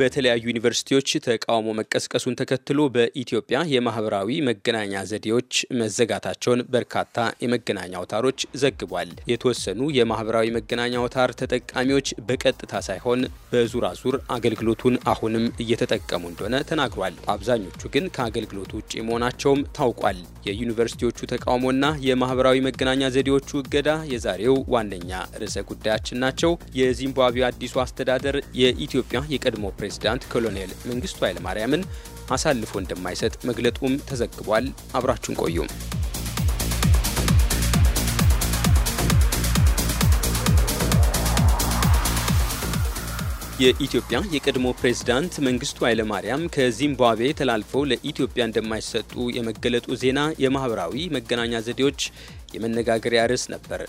በተለያዩ ዩኒቨርሲቲዎች ተቃውሞ መቀስቀሱን ተከትሎ በኢትዮጵያ የማህበራዊ መገናኛ ዘዴዎች መዘጋታቸውን በርካታ የመገናኛ አውታሮች ዘግቧል። የተወሰኑ የማህበራዊ መገናኛ አውታር ተጠቃሚዎች በቀጥታ ሳይሆን በዙራዙር አገልግሎቱን አሁንም እየተጠቀሙ እንደሆነ ተናግሯል። አብዛኞቹ ግን ከአገልግሎቱ ውጭ መሆናቸውም ታውቋል። የዩኒቨርሲቲዎቹ ተቃውሞና የማህበራዊ መገናኛ ዘዴዎቹ እገዳ የዛሬው ዋነኛ ርዕሰ ጉዳያችን ናቸው። የዚምባብዌ አዲሱ አስተዳደር የኢትዮጵያ የቀድሞ ፕሬ ፕሬዚዳንት ኮሎኔል መንግስቱ ኃይለማርያምን አሳልፎ እንደማይሰጥ መግለጡም ተዘግቧል። አብራችሁን ቆዩ። የኢትዮጵያ የቀድሞ ፕሬዝዳንት መንግስቱ ኃይለማርያም ከዚምባብዌ ተላልፈው ለኢትዮጵያ እንደማይሰጡ የመገለጡ ዜና የማህበራዊ መገናኛ ዘዴዎች የመነጋገሪያ ርዕስ ነበር።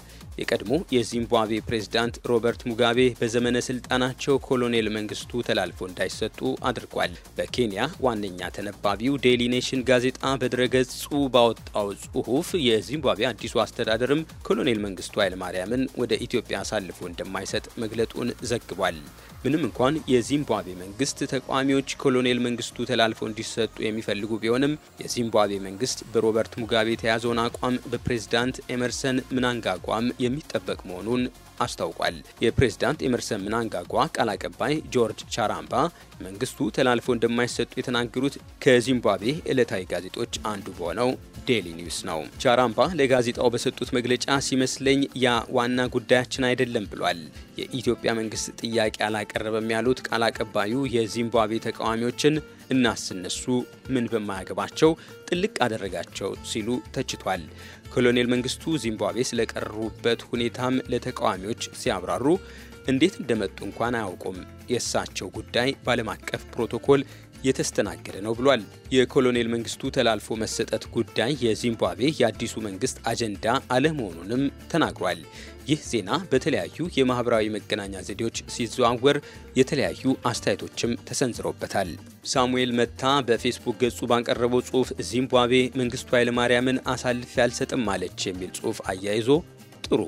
የቀድሞ የዚምባብዌ ፕሬዝዳንት ሮበርት ሙጋቤ በዘመነ ስልጣናቸው ኮሎኔል መንግስቱ ተላልፎ እንዳይሰጡ አድርጓል። በኬንያ ዋነኛ ተነባቢው ዴይሊ ኔሽን ጋዜጣ በድረገጹ ባወጣው ጽሁፍ የዚምባብዌ አዲሱ አስተዳደርም ኮሎኔል መንግስቱ ኃይለማርያምን ወደ ኢትዮጵያ አሳልፎ እንደማይሰጥ መግለጡን ዘግቧል። ምንም እንኳን የዚምባብዌ መንግስት ተቃዋሚዎች ኮሎኔል መንግስቱ ተላልፎ እንዲሰጡ የሚፈልጉ ቢሆንም የዚምባብዌ መንግስት በሮበርት ሙጋቤ የተያዘውን አቋም በፕሬዝዳንት ኤመርሰን ምናንጋጓም የሚጠበቅ መሆኑን አስታውቋል። የፕሬዝዳንት ኤመርሰን ምናንጋጓ ቃል አቀባይ ጆርጅ ቻራምባ መንግስቱ ተላልፎ እንደማይሰጡ የተናገሩት ከዚምባብዌ ዕለታዊ ጋዜጦች አንዱ በሆነው ዴሊ ኒውስ ነው። ቻራምባ ለጋዜጣው በሰጡት መግለጫ ሲመስለኝ ያ ዋና ጉዳያችን አይደለም ብሏል። የኢትዮጵያ መንግስት ጥያቄ አላቀረበም ያሉት ቃል አቀባዩ የዚምባብዌ ተቃዋሚዎችን እናስነሱ ምን በማያገባቸው ጥልቅ አደረጋቸው ሲሉ ተችቷል። ኮሎኔል መንግስቱ ዚምባብዌ ስለቀሩበት ሁኔታም ለተቃዋሚዎች ሲያብራሩ እንዴት እንደመጡ እንኳን አያውቁም፣ የእሳቸው ጉዳይ በዓለም አቀፍ ፕሮቶኮል የተስተናገደ ነው ብሏል። የኮሎኔል መንግስቱ ተላልፎ መሰጠት ጉዳይ የዚምባብዌ የአዲሱ መንግስት አጀንዳ አለመሆኑንም ተናግሯል። ይህ ዜና በተለያዩ የማህበራዊ መገናኛ ዘዴዎች ሲዘዋወር የተለያዩ አስተያየቶችም ተሰንዝሮበታል። ሳሙኤል መታ በፌስቡክ ገጹ ባቀረበው ጽሑፍ ዚምባብዌ መንግስቱ ኃይለማርያምን አሳልፌ አልሰጥም አለች የሚል ጽሑፍ አያይዞ ጥሩ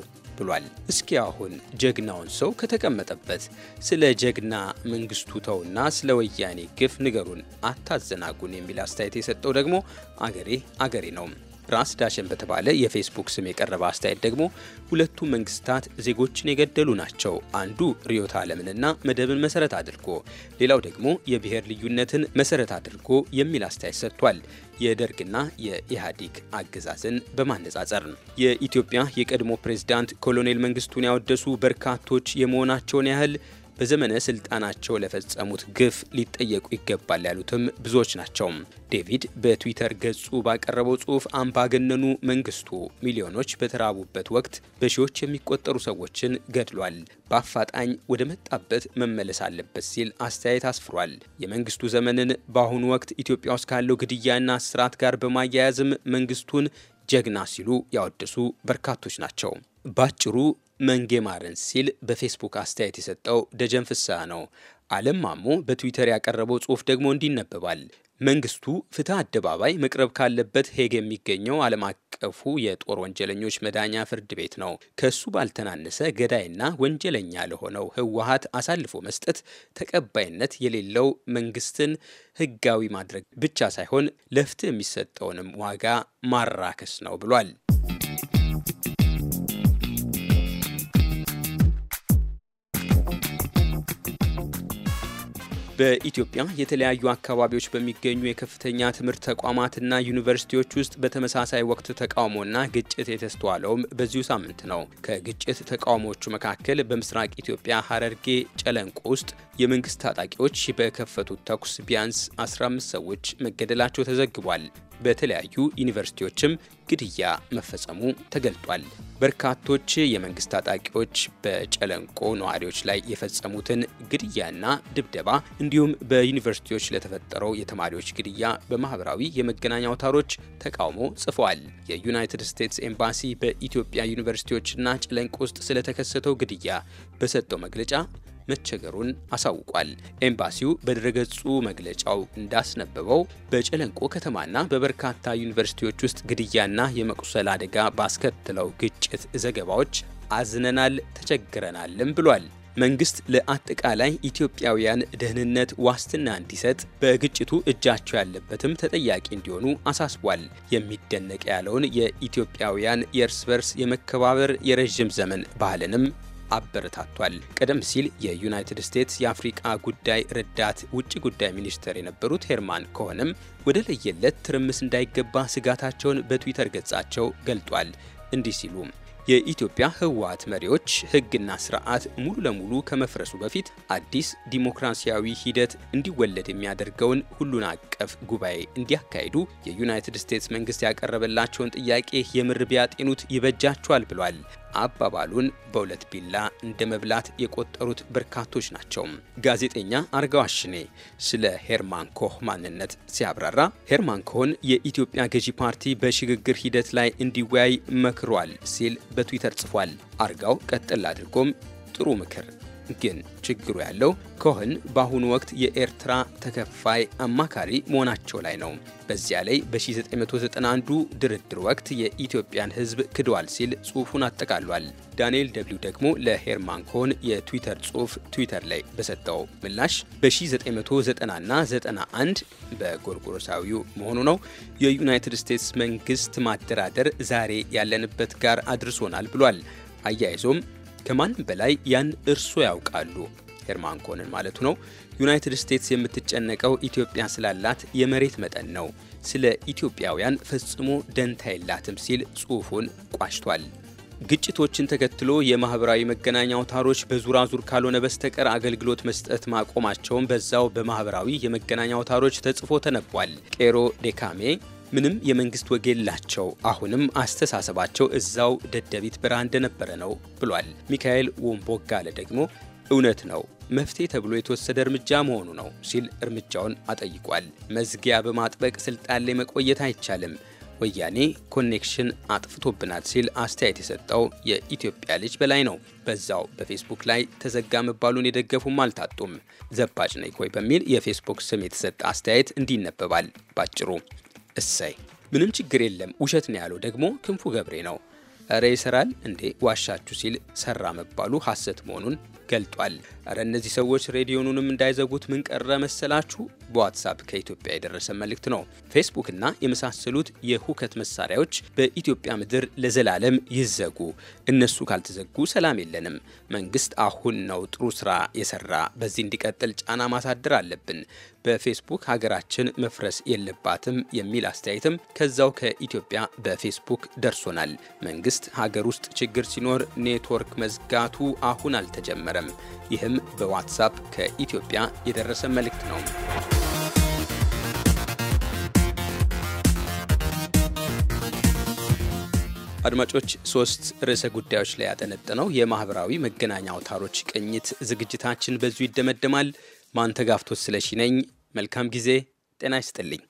ብሏል። እስኪ አሁን ጀግናውን ሰው ከተቀመጠበት ስለ ጀግና መንግስቱ ተውና ስለ ወያኔ ግፍ ንገሩን፣ አታዘናጉን የሚል አስተያየት የሰጠው ደግሞ አገሬ አገሬ ነው ራስ ዳሸን በተባለ የፌስቡክ ስም የቀረበ አስተያየት ደግሞ ሁለቱ መንግስታት ዜጎችን የገደሉ ናቸው። አንዱ ርዕዮተ ዓለምንና መደብን መሰረት አድርጎ፣ ሌላው ደግሞ የብሔር ልዩነትን መሰረት አድርጎ የሚል አስተያየት ሰጥቷል። የደርግና የኢህአዴግ አገዛዝን በማነጻጸር ነው። የኢትዮጵያ የቀድሞ ፕሬዝዳንት ኮሎኔል መንግስቱን ያወደሱ በርካቶች የመሆናቸውን ያህል በዘመነ ስልጣናቸው ለፈጸሙት ግፍ ሊጠየቁ ይገባል ያሉትም ብዙዎች ናቸው። ዴቪድ በትዊተር ገጹ ባቀረበው ጽሑፍ አምባገነኑ መንግስቱ ሚሊዮኖች በተራቡበት ወቅት በሺዎች የሚቆጠሩ ሰዎችን ገድሏል፣ በአፋጣኝ ወደ መጣበት መመለስ አለበት ሲል አስተያየት አስፍሯል። የመንግስቱ ዘመንን በአሁኑ ወቅት ኢትዮጵያ ውስጥ ካለው ግድያና ስርዓት ጋር በማያያዝም መንግስቱን ጀግና ሲሉ ያወደሱ በርካቶች ናቸው። ባጭሩ መንጌ ማረን ሲል በፌስቡክ አስተያየት የሰጠው ደጀን ፍስሐ ነው። አለም ማሞ በትዊተር ያቀረበው ጽሁፍ ደግሞ እንዲነበባል። መንግስቱ ፍትህ አደባባይ መቅረብ ካለበት ሄግ የሚገኘው ዓለም አቀፉ የጦር ወንጀለኞች መዳኛ ፍርድ ቤት ነው። ከሱ ባልተናነሰ ገዳይና ወንጀለኛ ለሆነው ህወሀት አሳልፎ መስጠት ተቀባይነት የሌለው መንግስትን ህጋዊ ማድረግ ብቻ ሳይሆን ለፍትህ የሚሰጠውንም ዋጋ ማራከስ ነው ብሏል። በኢትዮጵያ የተለያዩ አካባቢዎች በሚገኙ የከፍተኛ ትምህርት ተቋማትና ዩኒቨርሲቲዎች ውስጥ በተመሳሳይ ወቅት ተቃውሞና ግጭት የተስተዋለውም በዚሁ ሳምንት ነው። ከግጭት ተቃውሞዎቹ መካከል በምስራቅ ኢትዮጵያ ሐረርጌ ጨለንቆ ውስጥ የመንግስት ታጣቂዎች በከፈቱት ተኩስ ቢያንስ 15 ሰዎች መገደላቸው ተዘግቧል። በተለያዩ ዩኒቨርሲቲዎችም ግድያ መፈጸሙ ተገልጧል። በርካቶች የመንግስት ታጣቂዎች በጨለንቆ ነዋሪዎች ላይ የፈጸሙትን ግድያና ድብደባ እንዲሁም በዩኒቨርሲቲዎች ለተፈጠረው የተማሪዎች ግድያ በማህበራዊ የመገናኛ አውታሮች ተቃውሞ ጽፈዋል። የዩናይትድ ስቴትስ ኤምባሲ በኢትዮጵያ ዩኒቨርሲቲዎችና ጨለንቆ ውስጥ ስለተከሰተው ግድያ በሰጠው መግለጫ መቸገሩን አሳውቋል። ኤምባሲው በድረገጹ መግለጫው እንዳስነበበው በጨለንቆ ከተማና በበርካታ ዩኒቨርሲቲዎች ውስጥ ግድያና የመቁሰል አደጋ ባስከትለው ግጭት ዘገባዎች አዝነናል፣ ተቸግረናልም ብሏል። መንግስት ለአጠቃላይ ኢትዮጵያውያን ደህንነት ዋስትና እንዲሰጥ በግጭቱ እጃቸው ያለበትም ተጠያቂ እንዲሆኑ አሳስቧል። የሚደነቅ ያለውን የኢትዮጵያውያን የእርስ በርስ የመከባበር የረዥም ዘመን ባህልንም አበረታቷል። ቀደም ሲል የዩናይትድ ስቴትስ የአፍሪቃ ጉዳይ ረዳት ውጭ ጉዳይ ሚኒስትር የነበሩት ሄርማን ኮሆንም ወደ ለየለት ትርምስ እንዳይገባ ስጋታቸውን በትዊተር ገጻቸው ገልጧል። እንዲህ ሲሉ የኢትዮጵያ ህወሀት መሪዎች ህግና ስርዓት ሙሉ ለሙሉ ከመፍረሱ በፊት አዲስ ዲሞክራሲያዊ ሂደት እንዲወለድ የሚያደርገውን ሁሉን አቀፍ ጉባኤ እንዲያካሂዱ የዩናይትድ ስቴትስ መንግስት ያቀረበላቸውን ጥያቄ የምር ቢያጤኑት ይበጃቸዋል ብሏል። አባባሉን በሁለት ቢላ እንደ መብላት የቆጠሩት በርካቶች ናቸው። ጋዜጠኛ አርጋው አሽኔ ስለ ሄርማን ኮህ ማንነት ሲያብራራ ሄርማን ኮህን የኢትዮጵያ ገዢ ፓርቲ በሽግግር ሂደት ላይ እንዲወያይ መክሯል ሲል በትዊተር ጽፏል። አርጋው ቀጥል አድርጎም ጥሩ ምክር ግን ችግሩ ያለው ኮህን በአሁኑ ወቅት የኤርትራ ተከፋይ አማካሪ መሆናቸው ላይ ነው። በዚያ ላይ በ1991ዱ ድርድር ወቅት የኢትዮጵያን ሕዝብ ክደዋል ሲል ጽሑፉን አጠቃሏል። ዳንኤል ደብሊው ደግሞ ለሄርማን ኮህን የትዊተር ጽሑፍ ትዊተር ላይ በሰጠው ምላሽ በ1990ና 91 በጎርጎሮሳዊው መሆኑ ነው የዩናይትድ ስቴትስ መንግስት ማደራደር ዛሬ ያለንበት ጋር አድርሶናል ብሏል። አያይዞም ከማንም በላይ ያን እርሶ ያውቃሉ። ሄርማን ኮንን ማለቱ ነው። ዩናይትድ ስቴትስ የምትጨነቀው ኢትዮጵያ ስላላት የመሬት መጠን ነው፣ ስለ ኢትዮጵያውያን ፈጽሞ ደንታ የላትም ሲል ጽሑፉን ቋጭቷል። ግጭቶችን ተከትሎ የማህበራዊ መገናኛ አውታሮች በዙራዙር ካልሆነ በስተቀር አገልግሎት መስጠት ማቆማቸውን በዛው በማህበራዊ የመገናኛ አውታሮች ተጽፎ ተነቧል። ቄሮ ዴካሜ ምንም የመንግስት ወግ የላቸው። አሁንም አስተሳሰባቸው እዛው ደደቢት ብርሃን እንደነበረ ነው ብሏል። ሚካኤል ወንቦጋለ ደግሞ እውነት ነው መፍትሄ ተብሎ የተወሰደ እርምጃ መሆኑ ነው ሲል እርምጃውን አጠይቋል። መዝጊያ በማጥበቅ ስልጣን ላይ መቆየት አይቻልም። ወያኔ ኮኔክሽን አጥፍቶብናል ሲል አስተያየት የሰጠው የኢትዮጵያ ልጅ በላይ ነው። በዛው በፌስቡክ ላይ ተዘጋ መባሉን የደገፉም አልታጡም። ዘባጭ ነኝ ኮይ በሚል የፌስቡክ ስም የተሰጠ አስተያየት እንዲነበባል ባጭሩ እሰይ ምንም ችግር የለም ውሸት ነው ያለው ደግሞ ክንፉ ገብሬ ነው። እረ ይሰራል እንዴ ዋሻችሁ ሲል ሰራ መባሉ ሐሰት መሆኑን ገልጧል። እረ እነዚህ ሰዎች ሬዲዮኑንም እንዳይዘጉት ምን ቀረ መሰላችሁ? በዋትሳፕ ከኢትዮጵያ የደረሰ መልእክት ነው። ፌስቡክና የመሳሰሉት የሁከት መሳሪያዎች በኢትዮጵያ ምድር ለዘላለም ይዘጉ። እነሱ ካልተዘጉ ሰላም የለንም። መንግስት አሁን ነው ጥሩ ስራ የሰራ፣ በዚህ እንዲቀጥል ጫና ማሳደር አለብን። በፌስቡክ ሀገራችን መፍረስ የለባትም የሚል አስተያየትም ከዛው ከኢትዮጵያ በፌስቡክ ደርሶናል። መንግስት ሀገር ውስጥ ችግር ሲኖር ኔትወርክ መዝጋቱ አሁን አልተጀመረም አልተናገረም። ይህም በዋትሳፕ ከኢትዮጵያ የደረሰ መልእክት ነው። አድማጮች፣ ሶስት ርዕሰ ጉዳዮች ላይ ያጠነጠነው የማህበራዊ መገናኛ አውታሮች ቅኝት ዝግጅታችን በዙ ይደመደማል። ማንተጋፍቶት ስለሺ ነኝ። መልካም ጊዜ። ጤና ይስጥልኝ።